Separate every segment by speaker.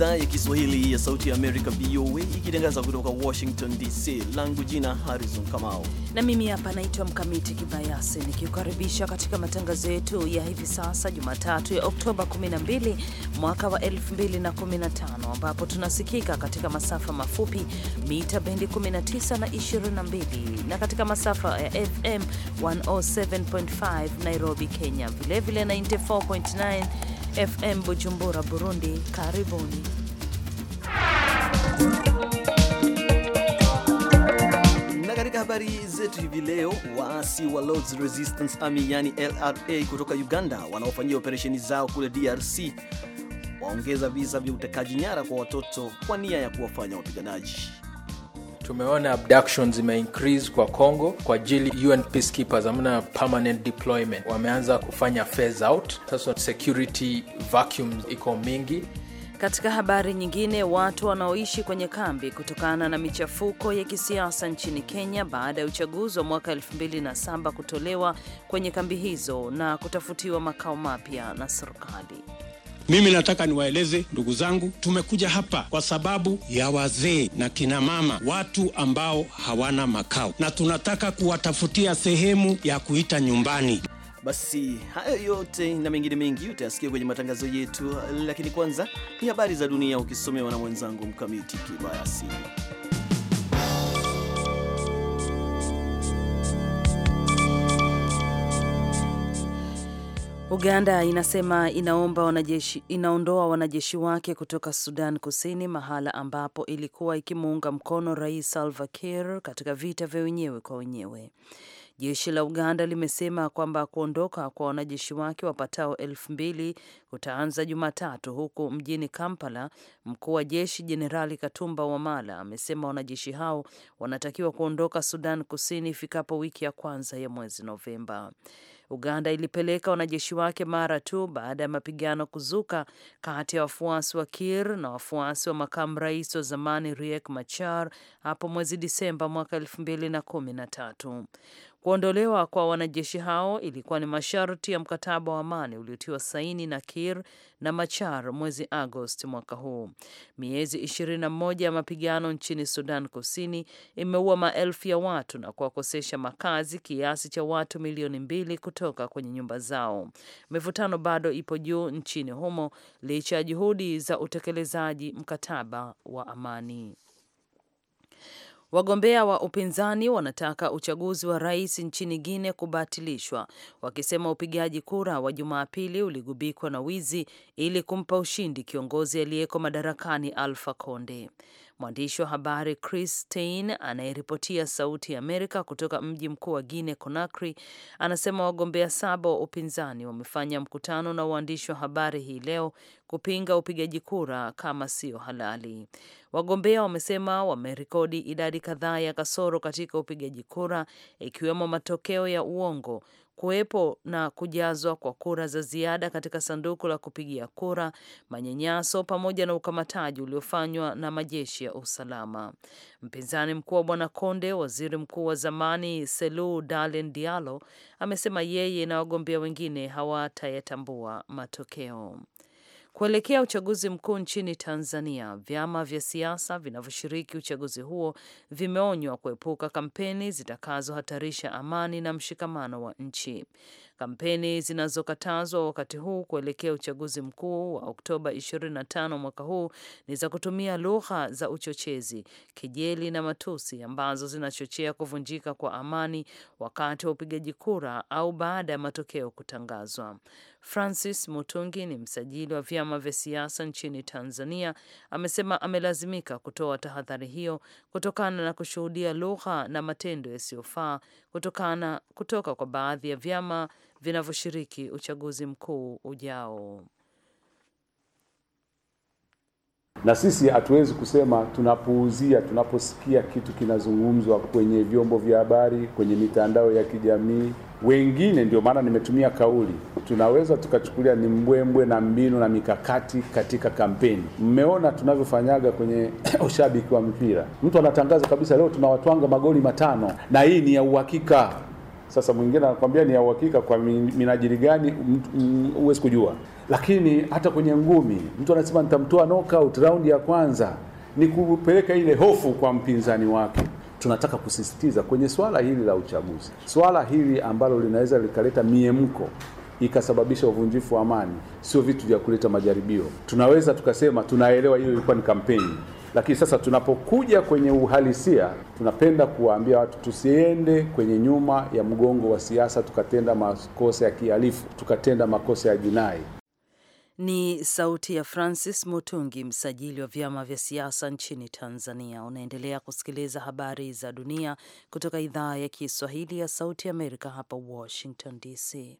Speaker 1: idhaa ya Kiswahili ya Sauti ya Amerika, VOA, ikitangaza kutoka Washington DC. Langu jina Harrison Kamau,
Speaker 2: na mimi hapa naitwa Mkamiti Kibayasi, nikiukaribisha katika matangazo yetu ya hivi sasa Jumatatu ya Oktoba 12 mwaka wa 2015, ambapo tunasikika katika masafa mafupi mita bendi 19 na 22 na katika masafa ya FM 107.5 Nairobi, Kenya, vilevile 94.9 FM Bujumbura, Burundi. Karibuni.
Speaker 1: Katika habari zetu hivi leo, waasi wa Lords Resistance Army yani LRA kutoka Uganda wanaofanyia operesheni zao kule DRC waongeza visa vya utekaji nyara kwa watoto kwa nia ya kuwafanya wapiganaji
Speaker 3: tumeona abduction zime increase kwa Congo kwa ajili UN peacekeepers amna permanent deployment, wameanza kufanya phase out sasa, security vacuum iko mingi.
Speaker 2: Katika habari nyingine, watu wanaoishi kwenye kambi kutokana na michafuko ya kisiasa nchini Kenya baada ya uchaguzi wa mwaka 2007 kutolewa kwenye kambi hizo na kutafutiwa makao mapya na serikali.
Speaker 4: Mimi nataka niwaeleze ndugu zangu, tumekuja hapa kwa sababu ya wazee na kinamama, watu ambao hawana makao, na tunataka kuwatafutia sehemu ya kuita nyumbani.
Speaker 1: Basi hayo yote na mengine mengi utayasikia kwenye matangazo yetu, lakini kwanza ni habari za dunia ukisomewa na mwenzangu Mkamiti Kibayasi.
Speaker 2: Uganda inasema inaomba wanajeshi, inaondoa wanajeshi wake kutoka Sudan Kusini, mahala ambapo ilikuwa ikimuunga mkono Rais Salva Kiir katika vita vya wenyewe kwa wenyewe. Jeshi la Uganda limesema kwamba kuondoka kwa wanajeshi wake wapatao elfu mbili kutaanza Jumatatu, huku mjini Kampala mkuu wa jeshi Jenerali Katumba Wamala amesema wanajeshi hao wanatakiwa kuondoka Sudan Kusini ifikapo wiki ya kwanza ya mwezi Novemba. Uganda ilipeleka wanajeshi wake mara tu baada ya mapigano kuzuka kati ya wafuasi wa Kir na wafuasi wa makamu rais wa zamani Riek Machar hapo mwezi Disemba mwaka elfu mbili na kumi na tatu. Kuondolewa kwa wanajeshi hao ilikuwa ni masharti ya mkataba wa amani uliotiwa saini na Kir na Machar mwezi Agosti mwaka huu. Miezi 21 ya mapigano nchini Sudan Kusini imeua maelfu ya watu na kuwakosesha makazi kiasi cha watu milioni mbili kutoka kwenye nyumba zao. Mivutano bado ipo juu nchini humo licha ya juhudi za utekelezaji mkataba wa amani. Wagombea wa upinzani wanataka uchaguzi wa rais nchini Guinea kubatilishwa, wakisema upigaji kura wa Jumapili uligubikwa na wizi ili kumpa ushindi kiongozi aliyeko madarakani Alpha Konde. Mwandishi wa habari Chris anayeripotia Sauti ya Amerika kutoka mji mkuu wa guine Conakry anasema wagombea saba wa upinzani wamefanya mkutano na waandishi wa habari hii leo kupinga upigaji kura kama sio halali. Wagombea wamesema wamerekodi idadi kadhaa ya kasoro katika upigaji kura, ikiwemo matokeo ya uongo, kuwepo na kujazwa kwa kura za ziada katika sanduku la kupigia kura, manyanyaso pamoja na ukamataji uliofanywa na majeshi ya usalama. Mpinzani mkuu wa bwana Konde, waziri mkuu wa zamani Selu Dalen Dialo, amesema yeye na wagombea wengine hawatayatambua matokeo. Kuelekea uchaguzi mkuu nchini Tanzania, vyama vya siasa vinavyoshiriki uchaguzi huo vimeonywa kuepuka kampeni zitakazohatarisha amani na mshikamano wa nchi. Kampeni zinazokatazwa wakati huu kuelekea uchaguzi mkuu wa Oktoba 25 mwaka huu ni za kutumia lugha za uchochezi, kejeli na matusi ambazo zinachochea kuvunjika kwa amani wakati wa upigaji kura au baada ya matokeo kutangazwa. Francis Mutungi ni msajili wa vyama vya siasa nchini Tanzania, amesema amelazimika kutoa tahadhari hiyo kutokana na kushuhudia lugha na matendo yasiyofaa kutokana kutoka kwa baadhi ya vyama vinavyoshiriki uchaguzi mkuu ujao
Speaker 5: na sisi hatuwezi kusema tunapuuzia tunaposikia kitu kinazungumzwa kwenye vyombo vya habari, kwenye mitandao ya kijamii. Wengine ndio maana nimetumia kauli, tunaweza tukachukulia ni mbwembwe na mbinu na mikakati katika kampeni. Mmeona tunavyofanyaga kwenye ushabiki wa mpira, mtu anatangaza kabisa, leo tunawatwanga magoli matano na hii ni ya uhakika. Sasa mwingine anakwambia ni ya uhakika, kwa minajili gani? Huwezi kujua lakini hata kwenye ngumi mtu anasema nitamtoa knockout round ya kwanza, ni kupeleka ile hofu kwa mpinzani wake. Tunataka kusisitiza kwenye swala hili la uchaguzi, swala hili ambalo linaweza likaleta miemko ikasababisha uvunjifu wa amani, sio vitu vya kuleta majaribio. Tunaweza tukasema tunaelewa hiyo ilikuwa ni kampeni, lakini sasa tunapokuja kwenye uhalisia, tunapenda kuwaambia watu tusiende kwenye nyuma ya mgongo wa siasa, tukatenda makosa ya kihalifu, tukatenda makosa ya jinai.
Speaker 2: Ni sauti ya Francis Mutungi, msajili wa vyama vya siasa nchini Tanzania. Unaendelea kusikiliza habari za dunia kutoka idhaa ya Kiswahili ya Sauti Amerika, hapa Washington DC.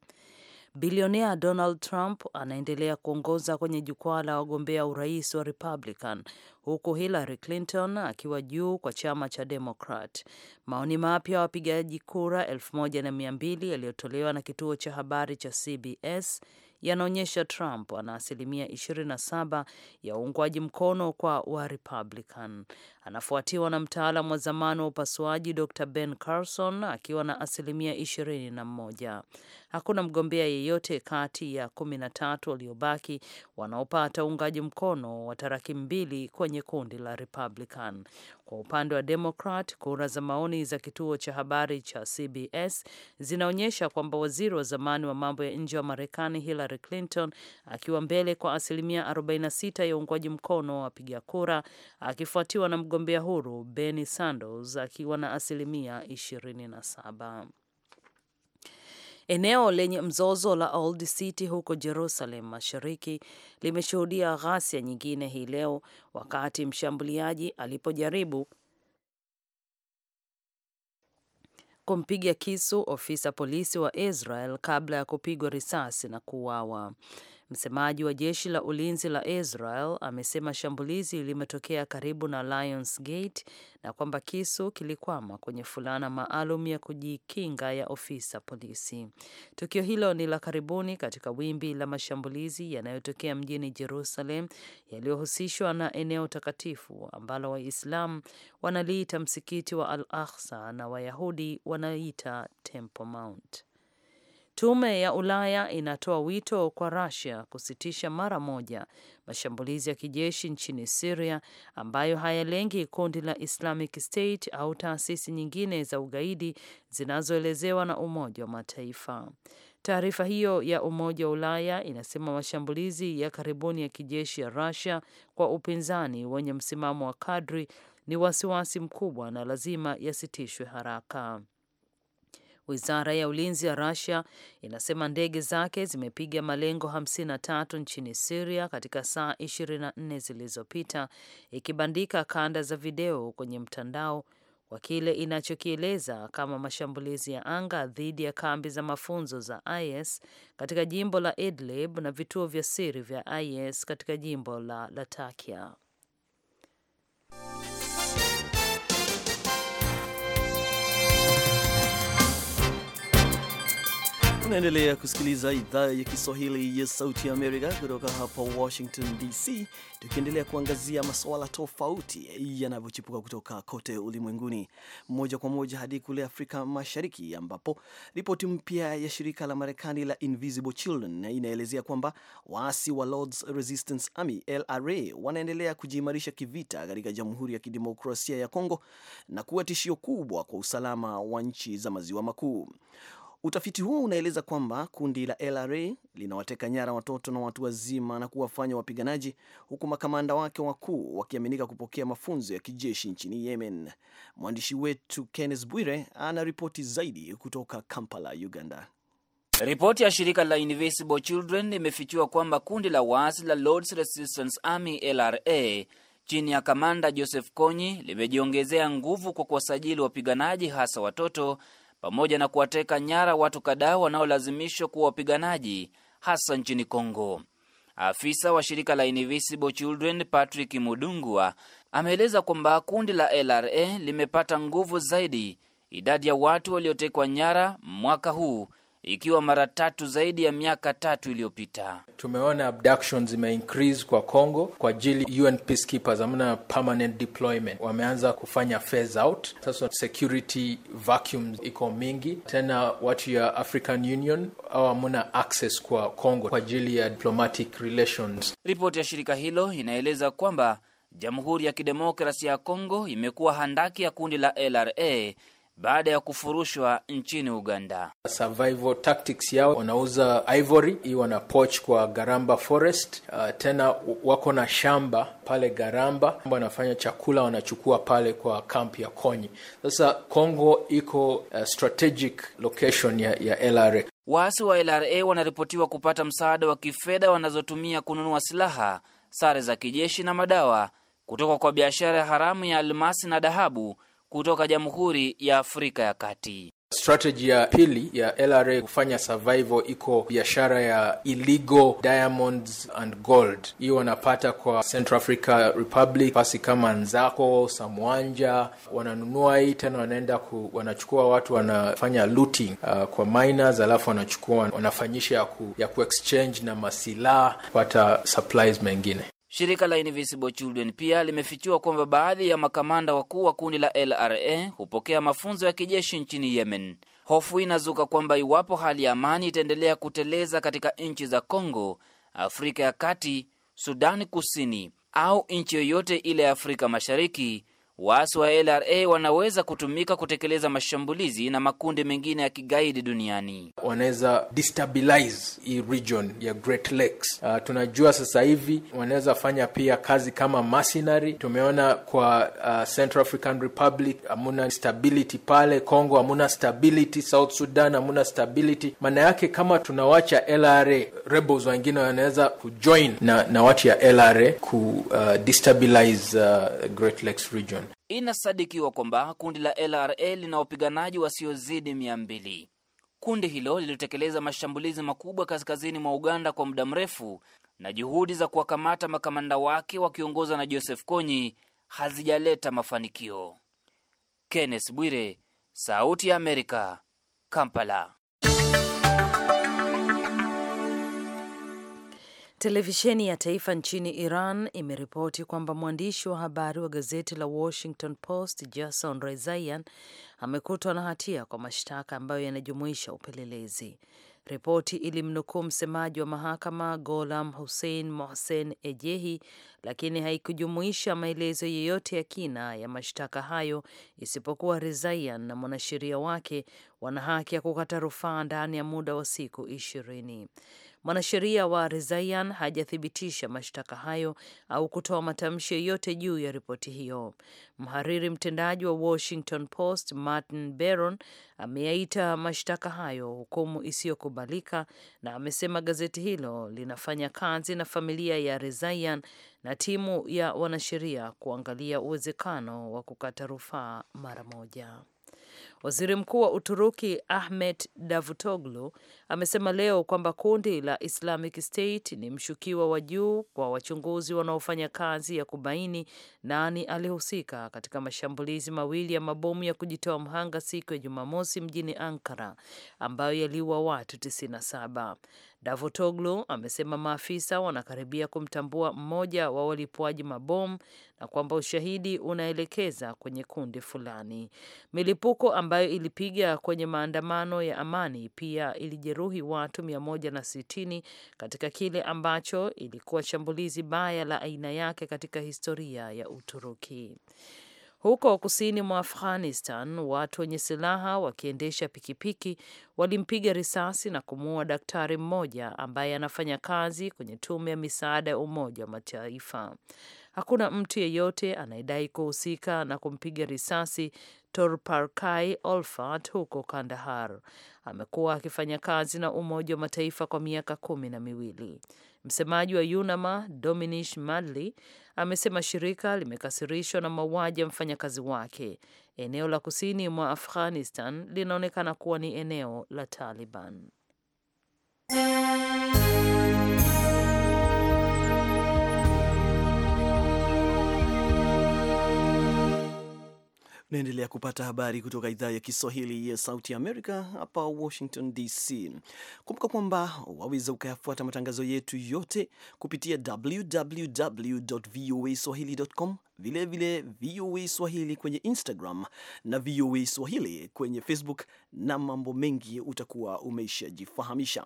Speaker 2: Bilionea Donald Trump anaendelea kuongoza kwenye jukwaa la wagombea urais wa Republican huku Hillary Clinton akiwa juu kwa chama cha Democrat. Maoni mapya ya wapigaji kura 1200 yaliyotolewa na kituo cha habari cha CBS yanaonyesha Trump ana asilimia 27 ya uungwaji mkono kwa Warepublican. Anafuatiwa na mtaalam wa zamani wa upasuaji Dr Ben Carson akiwa na asilimia 21 hakuna mgombea yeyote kati ya kumi na tatu waliobaki wanaopata uungaji mkono wa tarakimu mbili kwenye kundi la Republican. Kwa upande wa Democrat, kura za maoni za kituo cha habari cha CBS zinaonyesha kwamba waziri wa zamani wa mambo ya nje wa Marekani Hillary Clinton akiwa mbele kwa asilimia 46 ya uungwaji mkono wa wapiga kura, akifuatiwa na mgombea huru Bernie Sanders akiwa na asilimia 27. Eneo lenye mzozo la Old City huko Jerusalem Mashariki limeshuhudia ghasia nyingine hii leo wakati mshambuliaji alipojaribu kumpiga kisu ofisa polisi wa Israel kabla ya kupigwa risasi na kuuawa. Msemaji wa jeshi la ulinzi la Israel amesema shambulizi limetokea karibu na Lions Gate na kwamba kisu kilikwama kwenye fulana maalum ya kujikinga ya ofisa polisi. Tukio hilo ni la karibuni katika wimbi la mashambulizi yanayotokea mjini Jerusalem yaliyohusishwa na eneo takatifu ambalo Waislamu wanaliita msikiti wa Al Aqsa na Wayahudi wanaita Temple Mount. Tume ya Ulaya inatoa wito kwa Russia kusitisha mara moja mashambulizi ya kijeshi nchini Syria ambayo hayalengi kundi la Islamic State au taasisi nyingine za ugaidi zinazoelezewa na Umoja wa Mataifa. Taarifa hiyo ya Umoja wa Ulaya inasema mashambulizi ya karibuni ya kijeshi ya Russia kwa upinzani wenye msimamo wa kadri ni wasiwasi mkubwa na lazima yasitishwe haraka. Wizara ya ulinzi ya Russia inasema ndege zake zimepiga malengo 53 nchini Siria katika saa 24 zilizopita, ikibandika kanda za video kwenye mtandao kwa kile inachokieleza kama mashambulizi ya anga dhidi ya kambi za mafunzo za IS katika jimbo la Idlib na vituo vya siri vya IS katika jimbo la Latakia.
Speaker 1: Unaendelea kusikiliza idhaa ya Kiswahili ya Sauti ya Amerika kutoka hapa Washington DC, tukiendelea kuangazia masuala tofauti yanavyochipuka kutoka kote ulimwenguni, moja kwa moja hadi kule Afrika Mashariki, ambapo ripoti mpya ya shirika la Marekani la Invisible Children inaelezea kwamba waasi wa Lords Resistance Army LRA wanaendelea kujiimarisha kivita katika Jamhuri ya Kidemokrasia ya Kongo na kuwa tishio kubwa kwa usalama wa nchi za Maziwa Makuu. Utafiti huo unaeleza kwamba kundi la LRA linawateka nyara watoto na watu wazima na kuwafanya wapiganaji, huku makamanda wake wakuu wakiaminika kupokea mafunzo ya kijeshi nchini Yemen. Mwandishi wetu Kenneth Bwire
Speaker 6: ana ripoti zaidi kutoka Kampala, Uganda. Ripoti ya shirika la Invisible Children imefichua kwamba kundi la waasi la Lords Resistance Army LRA chini ya kamanda Joseph Kony limejiongezea nguvu kwa kuwasajili wapiganaji hasa watoto pamoja na kuwateka nyara watu kadhaa wanaolazimishwa kuwa wapiganaji hasa nchini Kongo. Afisa wa shirika la Invisible Children Patrick Mudungwa ameeleza kwamba kundi la LRA limepata nguvu zaidi idadi ya watu waliotekwa nyara mwaka huu ikiwa mara tatu zaidi ya miaka tatu iliyopita.
Speaker 3: Tumeona abduction zimeincrease kwa Congo kwa ajili UN peacekeepers, amna permanent deployment, wameanza kufanya phase out. Sasa security vacuum iko mingi tena, watu ya African Union au hamuna access kwa Congo kwa ajili ya diplomatic relations.
Speaker 6: Ripoti ya shirika hilo inaeleza kwamba Jamhuri ya Kidemokrasia ya Congo imekuwa handaki ya kundi la LRA baada ya kufurushwa nchini Uganda.
Speaker 3: Survival tactics yao, wanauza ivory hii, wana poach kwa Garamba Forest. Uh, tena wako na shamba pale Garamba, wanafanya chakula, wanachukua pale kwa kampi ya Konyi. Sasa Kongo iko uh, strategic location ya, ya LRA.
Speaker 6: Waasi wa LRA wanaripotiwa kupata msaada wa kifedha wanazotumia kununua silaha, sare za kijeshi na madawa kutoka kwa biashara haramu ya almasi na dhahabu kutoka Jamhuri ya Afrika ya Kati.
Speaker 3: Strategy ya pili ya LRA kufanya survival iko biashara ya illegal diamonds and gold. Hiyo wanapata kwa Central Africa Republic, pasi kama Nzako, Samwanja, wananunua hii tena, wanaenda ku, wanachukua watu wanafanya looting uh, kwa miners, alafu wanachukua wanafanyisha ya ku, ya ku exchange na masilaha kupata supplies mengine.
Speaker 6: Shirika la Invisible Children pia limefichua kwamba baadhi ya makamanda wakuu wa kundi la LRA hupokea mafunzo ya kijeshi nchini Yemen. Hofu inazuka kwamba iwapo hali ya amani itaendelea kuteleza katika nchi za congo Afrika ya Kati, Sudani Kusini au nchi yoyote ile ya Afrika Mashariki, waasi wa LRA wanaweza kutumika kutekeleza mashambulizi na makundi mengine ya kigaidi duniani.
Speaker 3: Wanaweza destabilize hii region ya Great Lakes. Uh, tunajua sasa hivi wanaweza fanya pia kazi kama mercenary. Tumeona kwa uh, Central African Republic hamuna stability pale Congo, hamuna stability South Sudan, hamuna stability. Maana yake kama tunawacha LRA rebels wengine wanaweza kujoin na, na watu ya LRA ku uh, destabilize uh, Great Lakes region.
Speaker 6: Inasadikiwa kwamba kundi la LRA lina wapiganaji wasiozidi mia mbili. Kundi hilo lilitekeleza mashambulizi makubwa kaskazini mwa Uganda kwa muda mrefu, na juhudi za kuwakamata makamanda wake wakiongozwa na Joseph Kony hazijaleta mafanikio. Kenneth Bwire, Sauti ya Amerika, Kampala.
Speaker 2: Televisheni ya taifa nchini Iran imeripoti kwamba mwandishi wa habari wa gazeti la Washington Post Jason Rezaian amekutwa na hatia kwa mashtaka ambayo yanajumuisha upelelezi. Ripoti ilimnukuu msemaji wa mahakama Golam Hussein Mohsen Ejehi, lakini haikujumuisha maelezo yeyote ya kina ya mashtaka hayo isipokuwa Rezaian na mwanasheria wake wana haki ya kukata rufaa ndani ya muda wa siku ishirini. Mwanasheria wa Rezaian hajathibitisha mashtaka hayo au kutoa matamshi yoyote juu ya ripoti hiyo. Mhariri mtendaji wa Washington Post Martin Baron ameyaita mashtaka hayo hukumu isiyokubalika na amesema gazeti hilo linafanya kazi na familia ya Rezaian na timu ya wanasheria kuangalia uwezekano wa kukata rufaa mara moja. Waziri Mkuu wa Uturuki Ahmet Davutoglu amesema leo kwamba kundi la Islamic State ni mshukiwa wa juu kwa wachunguzi wanaofanya kazi ya kubaini nani alihusika katika mashambulizi mawili ya mabomu ya kujitoa mhanga siku ya Jumamosi mjini Ankara ambayo yaliua watu 97. Davutoglu amesema maafisa wanakaribia kumtambua mmoja wa walipuaji mabomu na kwamba ushahidi unaelekeza kwenye kundi fulani. Milipuko ambayo ilipiga kwenye maandamano ya amani pia ilijeruhi watu 160 katika kile ambacho ilikuwa shambulizi baya la aina yake katika historia ya Uturuki. Huko kusini mwa Afghanistan, watu wenye silaha wakiendesha pikipiki walimpiga risasi na kumuua daktari mmoja ambaye anafanya kazi kwenye tume ya misaada ya Umoja wa Mataifa. Hakuna mtu yeyote anayedai kuhusika na kumpiga risasi Torparkai Olfat huko Kandahar. Amekuwa akifanya kazi na Umoja wa Mataifa kwa miaka kumi na miwili. Msemaji wa Yunama Dominish Madli amesema shirika limekasirishwa na mauaji ya mfanyakazi wake. Eneo la kusini mwa Afghanistan linaonekana kuwa ni eneo la Taliban.
Speaker 1: Unaendelea kupata habari kutoka idhaa ya Kiswahili ya Sauti Amerika hapa Washington DC. Kumbuka kwamba waweza ukayafuata matangazo yetu yote kupitia www voa swahili.com, vilevile VOA Swahili kwenye Instagram na VOA Swahili kwenye Facebook na mambo mengi utakuwa umeshajifahamisha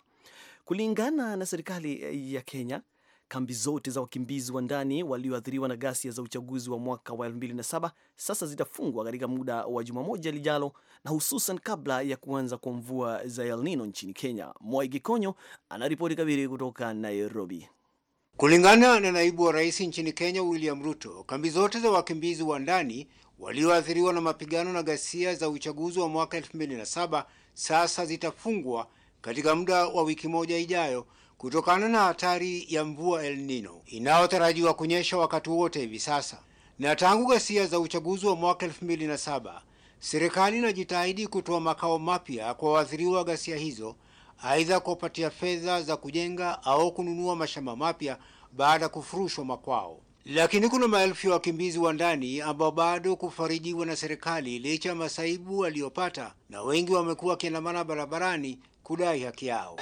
Speaker 1: Kulingana na serikali ya Kenya, Kambi zote za wakimbizi wa ndani walioathiriwa na ghasia za uchaguzi wa mwaka wa 2007 sasa zitafungwa katika muda wa juma moja lijalo, na hususan kabla ya kuanza kwa mvua za El Nino nchini Kenya. Mwai Gikonyo anaripoti kabiri kutoka Nairobi. Kulingana na naibu wa rais nchini Kenya William Ruto, kambi
Speaker 7: zote za wakimbizi wa ndani walioathiriwa na mapigano na ghasia za uchaguzi wa mwaka 2007 sasa zitafungwa katika muda wa wiki moja ijayo kutokana na hatari ya mvua El Nino inayotarajiwa kunyesha wakati wote hivi sasa. Na tangu ghasia za uchaguzi wa mwaka 2007 serikali inajitahidi kutoa makao mapya kwa waathiriwa wa ghasia hizo, aidha kuwapatia fedha za kujenga au kununua mashamba mapya baada ya kufurushwa makwao. Lakini kuna maelfu ya wakimbizi wa ndani ambao bado kufarijiwa na serikali licha ya masaibu waliyopata, na wengi wamekuwa wakiandamana barabarani kudai haki yao.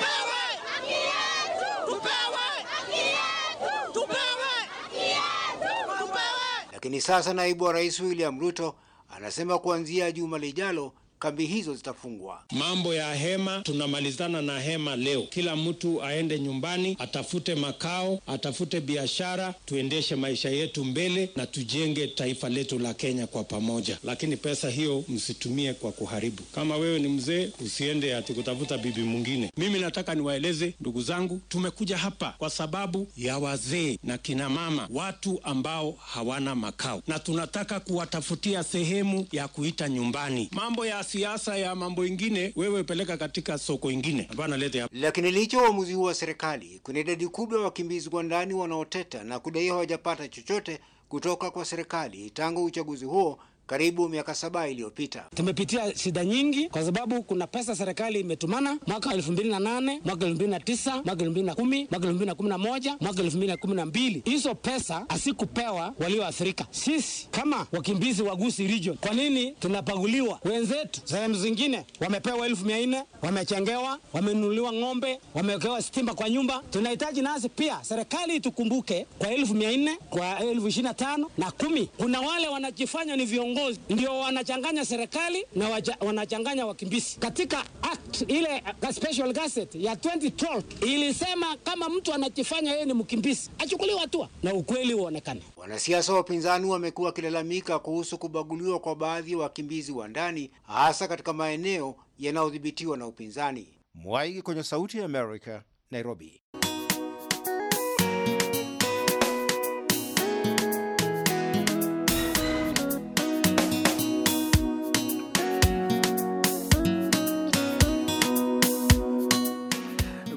Speaker 7: Lakini sasa naibu wa rais William Ruto anasema kuanzia juma lijalo kambi hizo zitafungwa.
Speaker 4: Mambo ya hema, tunamalizana na hema leo. Kila mtu aende nyumbani, atafute makao, atafute biashara, tuendeshe maisha yetu mbele na tujenge taifa letu la Kenya kwa pamoja. Lakini pesa hiyo msitumie kwa kuharibu. Kama wewe ni mzee, usiende ati kutafuta bibi mwingine. Mimi nataka niwaeleze ndugu zangu, tumekuja hapa kwa sababu ya wazee na kina mama, watu ambao hawana makao, na tunataka kuwatafutia sehemu ya kuita nyumbani. Mambo ya siasa ya mambo ingine, wewe peleka katika soko ingine, hapa.
Speaker 7: Lakini licha uamuzi huu wa serikali, kuna idadi kubwa ya wakimbizi wa ndani wanaoteta na kudai hawajapata chochote kutoka kwa serikali tangu uchaguzi huo karibu miaka saba iliyopita.
Speaker 4: Tumepitia shida nyingi kwa sababu kuna pesa serikali imetumana mwaka elfu mbili na nane mwaka elfu mbili na tisa mwaka elfu mbili na kumi mwaka elfu mbili na kumi na moja mwaka elfu mbili na kumi na mbili Hizo pesa hasikupewa walioathirika. Sisi kama wakimbizi wa Gusii region, kwa nini tunapaguliwa? Wenzetu sehemu zingine wamepewa elfu mia nne wamechengewa, wamenunuliwa ng'ombe, wamewekewa stima kwa nyumba. Tunahitaji nasi pia serikali itukumbuke kwa elfu mia nne kwa elfu ishirini na tano na kumi. Kuna wale wanajifanya ni viongozi moja ndio wanachanganya serikali
Speaker 6: na waja, wanachanganya
Speaker 4: wakimbizi. Katika act ile uh, special gazette ya 2012 ilisema kama mtu anajifanya yeye ni mkimbizi achukuliwe hatua na ukweli uonekane.
Speaker 7: Wanasiasa wa upinzani wamekuwa wakilalamika kuhusu kubaguliwa kwa baadhi ya wa wakimbizi wa ndani hasa katika maeneo yanayodhibitiwa na upinzani. Mwaigi kwenye Sauti ya Amerika, Nairobi.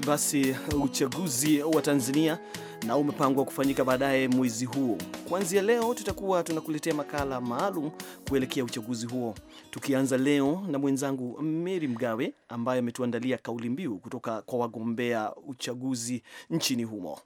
Speaker 1: basi uchaguzi wa Tanzania na umepangwa kufanyika baadaye mwezi huo Kuanzia leo tutakuwa tunakuletea makala maalum kuelekea uchaguzi huo, tukianza leo na mwenzangu Mary Mgawe ambaye ametuandalia kauli mbiu kutoka kwa wagombea uchaguzi nchini humo.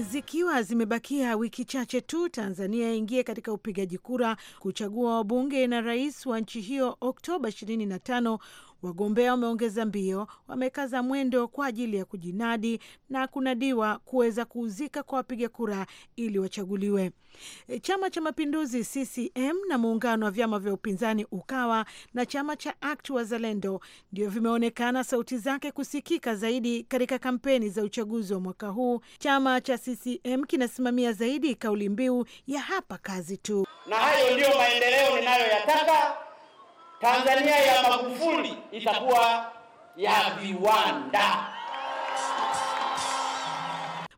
Speaker 8: Zikiwa zimebakia wiki chache tu Tanzania ingie katika upigaji kura kuchagua wabunge na rais wa nchi hiyo Oktoba 25 Wagombea wameongeza mbio, wamekaza mwendo kwa ajili ya kujinadi na kunadiwa kuweza kuuzika kwa wapiga kura ili wachaguliwe. E, chama cha Mapinduzi CCM na muungano wa vyama vya upinzani Ukawa na chama cha ACT Wazalendo ndio vimeonekana sauti zake kusikika zaidi katika kampeni za uchaguzi wa mwaka huu. Chama cha CCM kinasimamia zaidi kauli mbiu ya hapa kazi tu, na hayo ndiyo maendeleo ninayoyataka Tanzania ya Magufuli itakuwa
Speaker 6: ya viwanda.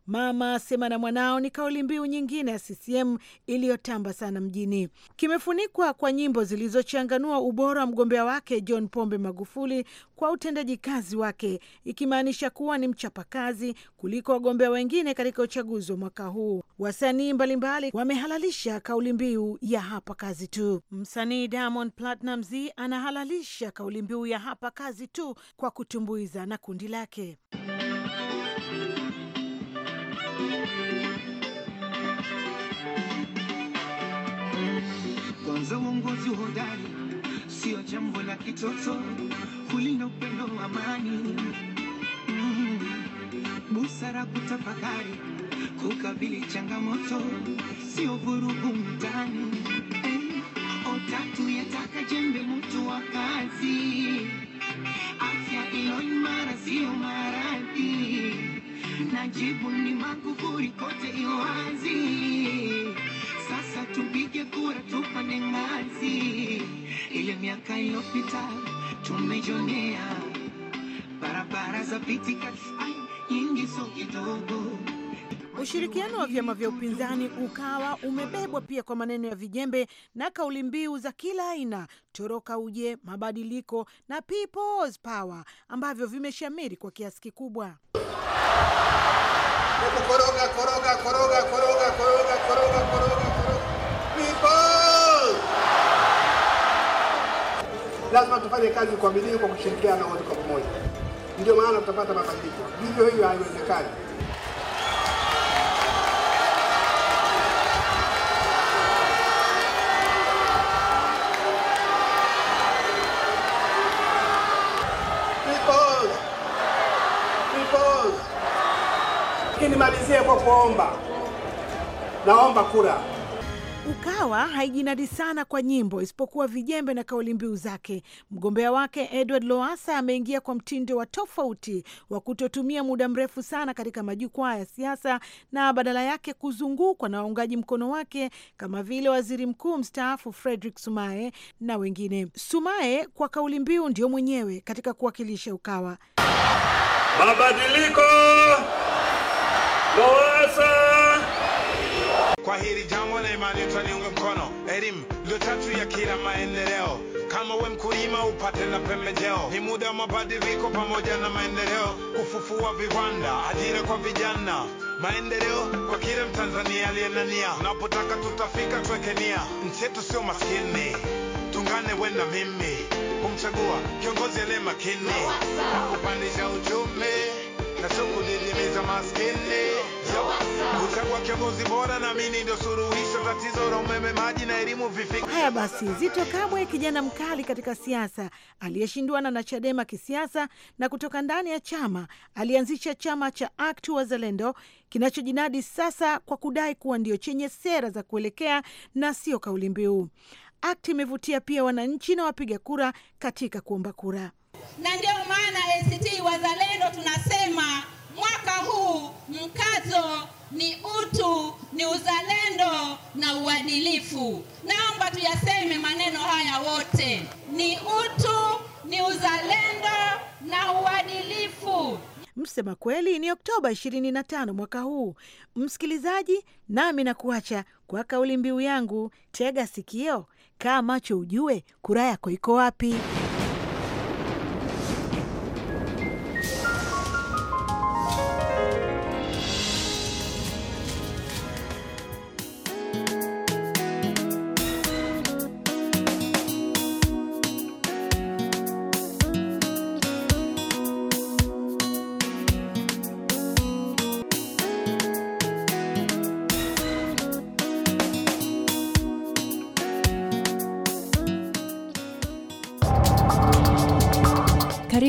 Speaker 8: Mama asema na mwanao ni kauli mbiu nyingine ya CCM iliyotamba sana mjini. Kimefunikwa kwa nyimbo zilizochanganua ubora wa mgombea wake John Pombe Magufuli kwa utendaji kazi wake, ikimaanisha kuwa ni mchapakazi kuliko wagombea wengine katika uchaguzi wa mwaka huu. Wasanii mbalimbali wamehalalisha kauli mbiu ya hapa kazi tu. Msanii Diamond Platnumz anahalalisha kauli mbiu ya hapa kazi tu kwa kutumbuiza na kundi lake
Speaker 7: za uongozi hodari sio jambo la kitoto, hulina upendo wa amani mm. Busara kutafakari, kukabili changamoto, sio vurugu mtani eh. Mm-hmm. Otatu yataka jembe mtu wa kazi, afya ilo imara sio maradhi, na jibu ni magufuri kote
Speaker 8: iwazi sasa tupige kura tufanye ngazi Ile miaka iliyopita tumejonea
Speaker 7: barabara za pitika
Speaker 8: nyingi, so kidogo. Ushirikiano wa vyama vya upinzani ukawa umebebwa pia kwa maneno ya vijembe na kauli mbiu za kila aina, toroka uje, mabadiliko na people's power, ambavyo vimeshamiri kwa kiasi kikubwa. koroga, koroga, koroga, koroga, koroga, koroga, koroga.
Speaker 7: Lazima tufanye kazi kwa bidii, kwa kushirikiana wote kwa pamoja, ndio maana tutapata mafanikio. Vivyo hivyo haiwezekani.
Speaker 4: Nimalizie kwa kuomba, naomba kura.
Speaker 8: Ukawa haijinadi sana kwa nyimbo isipokuwa vijembe na kauli mbiu zake. Mgombea wake Edward loasa ameingia kwa mtindo wa tofauti wa kutotumia muda mrefu sana katika majukwaa ya siasa na badala yake kuzungukwa na waungaji mkono wake kama vile waziri mkuu mstaafu Frederick Sumaye na wengine. Sumaye kwa kauli mbiu ndio mwenyewe katika kuwakilisha Ukawa
Speaker 3: mabadiliko Loasa.
Speaker 4: kwa nitanunge mkono elimu ndio tatu ya kila maendeleo. Kama we mkulima upate na pembejeo, ni muda wa mabadiliko pamoja na maendeleo, kufufua viwanda, ajira kwa vijana, maendeleo kwa kila Mtanzania aliyenania. Unapotaka tutafika, twekenia nia, sio maskini. Tungane we mimi kumchagua kiongozi aliye makini, na kupandisha uchumi na sio kudidimiza maskini suluhisho, kiongozi bora, na mimi ndio suluhisho tatizo la umeme, maji na elimu vifike. Haya basi,
Speaker 8: Zito Kabwe, kijana mkali katika siasa, aliyeshindwana na Chadema kisiasa na kutoka ndani ya chama, alianzisha chama cha ACT Wazalendo kinachojinadi sasa kwa kudai kuwa ndio chenye sera za kuelekea na sio kauli mbiu. ACT imevutia pia wananchi na wapiga kura katika kuomba kura,
Speaker 2: na ndio maana ACT Wazalendo tunasema mwaka huu mkazo ni utu, ni uzalendo na uadilifu. Naomba tuyaseme maneno haya wote: ni utu, ni uzalendo na
Speaker 8: uadilifu. Msema kweli ni Oktoba 25 mwaka huu. Msikilizaji, nami na kuacha kwa kauli mbiu yangu, tega sikio, kaa macho, ujue kura yako iko wapi.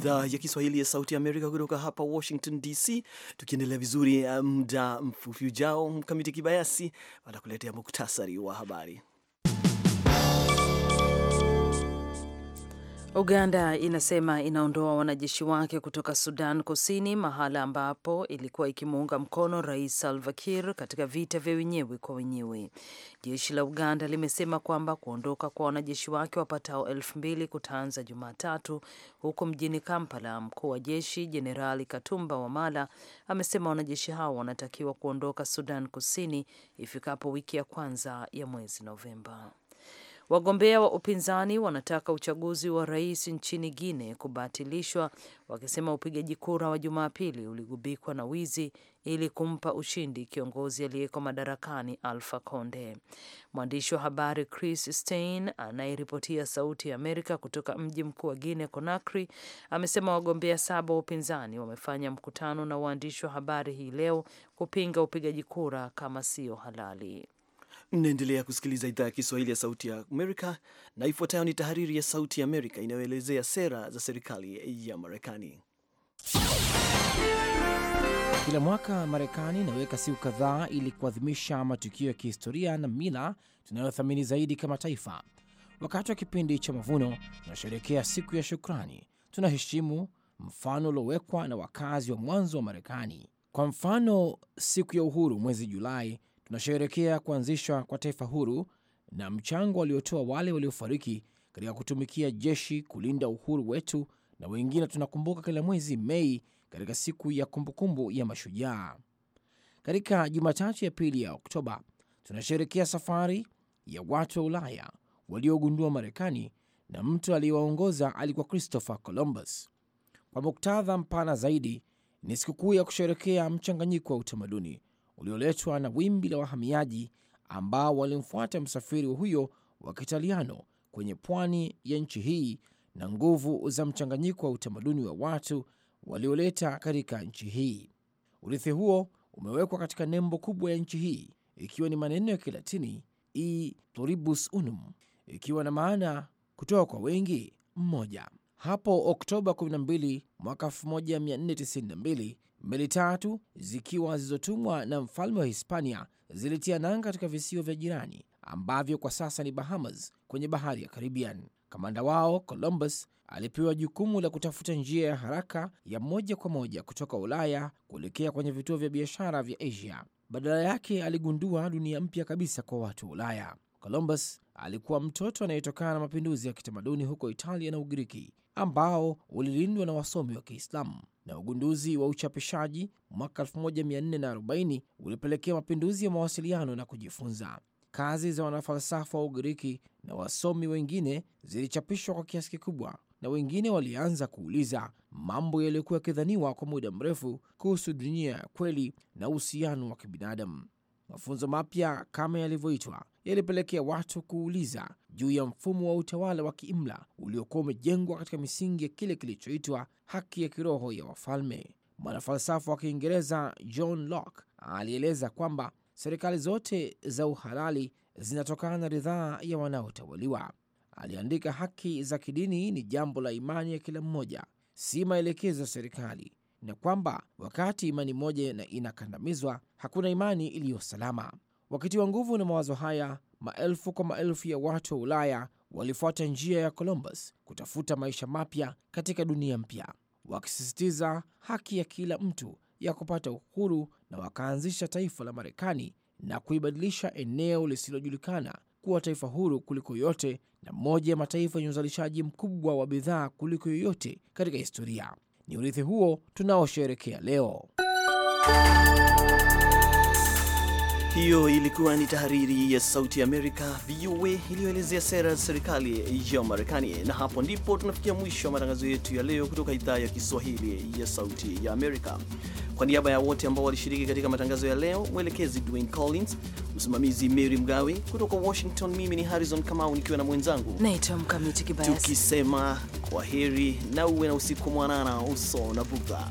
Speaker 1: idhaa ya Kiswahili ya Sauti ya Amerika kutoka hapa Washington DC. Tukiendelea vizuri eh, muda mfupi ujao, Mkamiti Kibayasi atakuletea muktasari wa habari.
Speaker 2: Uganda inasema inaondoa wanajeshi wake kutoka Sudan Kusini, mahala ambapo ilikuwa ikimuunga mkono Rais Salva Kiir katika vita vya wenyewe kwa wenyewe. Jeshi la Uganda limesema kwamba kuondoka kwa wanajeshi wake wapatao elfu mbili kutaanza Jumatatu, huko mjini Kampala. Mkuu wa jeshi Jenerali Katumba Wamala amesema wanajeshi hao wanatakiwa kuondoka Sudan Kusini ifikapo wiki ya kwanza ya mwezi Novemba. Wagombea wa upinzani wanataka uchaguzi wa rais nchini Guinea kubatilishwa, wakisema upigaji kura wa Jumapili uligubikwa na wizi ili kumpa ushindi kiongozi aliyeko madarakani Alpha Conde. Mwandishi wa habari Chris Stein anayeripotia Sauti ya Amerika kutoka mji mkuu wa Guinea Conakry amesema wagombea saba wa upinzani wamefanya mkutano na waandishi wa habari hii leo kupinga upigaji kura kama sio halali.
Speaker 1: Mnaendelea kusikiliza idhaa ya Kiswahili ya Sauti ya Amerika, na ifuatayo ni tahariri ya Sauti ya Amerika inayoelezea sera za serikali ya Marekani.
Speaker 9: Kila mwaka Marekani inaweka siku kadhaa ili kuadhimisha matukio ya kihistoria na mila tunayothamini zaidi kama taifa. Wakati wa kipindi cha mavuno, tunasherekea siku ya shukrani. Tunaheshimu mfano uliowekwa na wakazi wa mwanzo wa Marekani. Kwa mfano, siku ya uhuru mwezi Julai tunasherehekea kuanzishwa kwa taifa huru na mchango waliotoa wale waliofariki katika kutumikia jeshi kulinda uhuru wetu, na wengine tunakumbuka kila mwezi Mei katika siku ya kumbukumbu ya mashujaa. Katika Jumatatu ya pili ya Oktoba tunasherehekea safari ya watu wa Ulaya waliogundua Marekani na mtu aliyewaongoza alikuwa Christopher Columbus. Kwa muktadha mpana zaidi, ni sikukuu ya kusherekea mchanganyiko wa utamaduni ulioletwa na wimbi la wahamiaji ambao walimfuata msafiri huyo wa Kitaliano kwenye pwani ya nchi hii na nguvu za mchanganyiko wa utamaduni wa watu walioleta katika nchi hii. Urithi huo umewekwa katika nembo kubwa ya nchi hii ikiwa ni maneno ya Kilatini e pluribus unum, ikiwa na maana kutoka kwa wengi mmoja. Hapo Oktoba 12 mwaka 1492 meli tatu zikiwa zilizotumwa na mfalme wa Hispania zilitia nanga katika visiwa vya jirani ambavyo kwa sasa ni Bahamas kwenye bahari ya Caribbean. Kamanda wao Columbus alipewa jukumu la kutafuta njia ya haraka ya moja kwa moja kutoka Ulaya kuelekea kwenye vituo vya biashara vya Asia. Badala yake aligundua dunia mpya kabisa kwa watu wa Ulaya. Columbus alikuwa mtoto anayetokana na mapinduzi ya kitamaduni huko Italia na Ugiriki ambao ulilindwa na wasomi wa Kiislamu na ugunduzi wa uchapishaji mwaka 1440 ulipelekea mapinduzi ya mawasiliano na kujifunza. Kazi za wanafalsafa wa Ugiriki na wasomi wengine zilichapishwa kwa kiasi kikubwa, na wengine walianza kuuliza mambo yaliyokuwa yakidhaniwa kwa muda mrefu kuhusu dunia ya kweli na uhusiano wa kibinadamu mafunzo mapya kama yalivyoitwa yalipelekea watu kuuliza juu ya mfumo wa utawala wa kiimla uliokuwa umejengwa katika misingi ya kile kilichoitwa haki ya kiroho ya wafalme. Mwanafalsafa wa Kiingereza John Locke alieleza kwamba serikali zote za uhalali zinatokana na ridhaa ya wanaotawaliwa. Aliandika, haki za kidini ni jambo la imani ya kila mmoja, si maelekezo ya serikali, na kwamba wakati imani moja na inakandamizwa, hakuna imani iliyo salama. Wakati wa nguvu na mawazo haya, maelfu kwa maelfu ya watu wa Ulaya walifuata njia ya Columbus kutafuta maisha mapya katika dunia mpya, wakisisitiza haki ya kila mtu ya kupata uhuru, na wakaanzisha taifa la Marekani na kuibadilisha eneo lisilojulikana kuwa taifa huru kuliko yote na moja ya mataifa yenye uzalishaji mkubwa wa bidhaa kuliko yoyote katika historia. Ni urithi huo tunaosherekea leo.
Speaker 1: Hiyo ilikuwa ni tahariri ya Sauti Amerika VOA iliyoelezea sera za serikali ya Marekani, na hapo ndipo tunafikia mwisho wa matangazo yetu ya leo kutoka idhaa ya Kiswahili ya Sauti ya Amerika. Kwa niaba ya wote ambao walishiriki katika matangazo ya leo, mwelekezi Dwayne Collins, msimamizi Mary Mgawe kutoka Washington, mimi ni Harrison Kamau nikiwa na mwenzangu
Speaker 2: naitwa Mkamiti Kibayasi,
Speaker 1: tukisema kwa heri na uwe na usiku mwanana uso na budha.